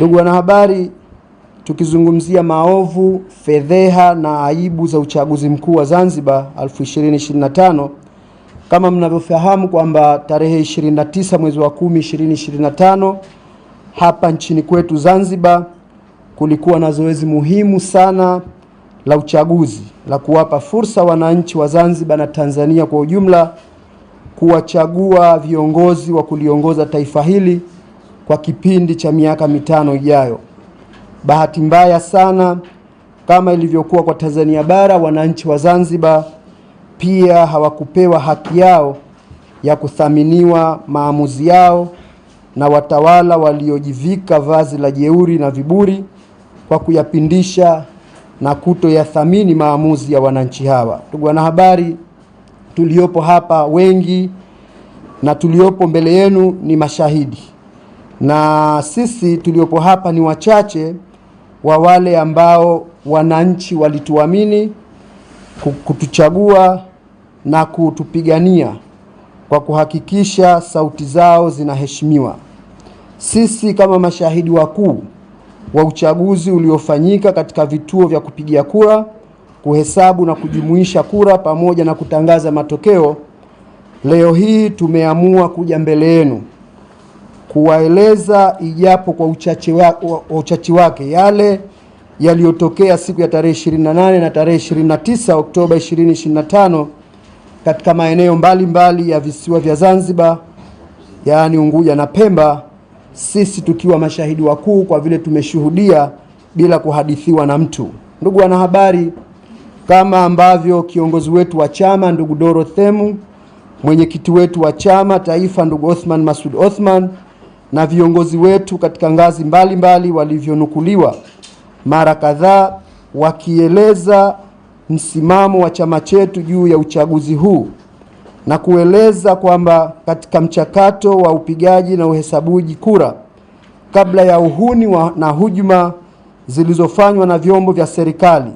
Ndugu wanahabari, tukizungumzia maovu, fedheha na aibu za uchaguzi mkuu wa Zanzibar 2025 kama mnavyofahamu kwamba tarehe 29 mwezi wa 10 2025 hapa nchini kwetu Zanzibar kulikuwa na zoezi muhimu sana la uchaguzi la kuwapa fursa wananchi wa Zanzibar na Tanzania kwa ujumla kuwachagua viongozi wa kuliongoza taifa hili kwa kipindi cha miaka mitano ijayo. Bahati mbaya sana, kama ilivyokuwa kwa Tanzania bara, wananchi wa Zanzibar pia hawakupewa haki yao ya kuthaminiwa maamuzi yao na watawala waliojivika vazi la jeuri na viburi kwa kuyapindisha na kutoyathamini maamuzi ya wananchi hawa. Ndugu wanahabari, tuliopo hapa wengi na tuliopo mbele yenu ni mashahidi na sisi tuliopo hapa ni wachache wa wale ambao wananchi walituamini kutuchagua na kutupigania kwa kuhakikisha sauti zao zinaheshimiwa. Sisi kama mashahidi wakuu wa uchaguzi uliofanyika katika vituo vya kupigia kura, kuhesabu na kujumuisha kura pamoja na kutangaza matokeo, leo hii tumeamua kuja mbele yenu kuwaeleza ijapo kwa uchache wa, wa, uchache wake yale yaliyotokea siku ya tarehe 28 na tarehe 29 Oktoba 2025 katika maeneo mbalimbali mbali ya visiwa vya Zanzibar, yaani Unguja na Pemba, sisi tukiwa mashahidi wakuu kwa vile tumeshuhudia bila kuhadithiwa na mtu. Ndugu wanahabari, kama ambavyo kiongozi wetu wa chama ndugu Doro Themu, mwenyekiti wetu wa chama taifa ndugu Othman Masud Othman na viongozi wetu katika ngazi mbalimbali walivyonukuliwa mara kadhaa wakieleza msimamo wa chama chetu juu ya uchaguzi huu na kueleza kwamba katika mchakato wa upigaji na uhesabuji kura kabla ya uhuni wa na hujuma zilizofanywa na vyombo vya serikali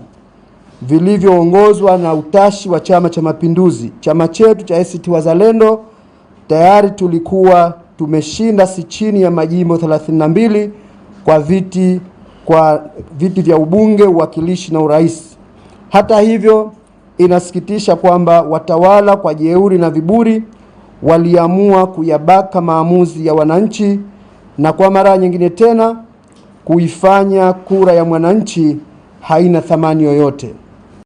vilivyoongozwa na utashi wa Chama cha Mapinduzi, chama chetu cha ACT Wazalendo tayari tulikuwa tumeshinda si chini ya majimbo 32 kwa viti kwa viti vya ubunge, uwakilishi na urais. Hata hivyo, inasikitisha kwamba watawala kwa jeuri na viburi waliamua kuyabaka maamuzi ya wananchi na kwa mara nyingine tena kuifanya kura ya mwananchi haina thamani yoyote.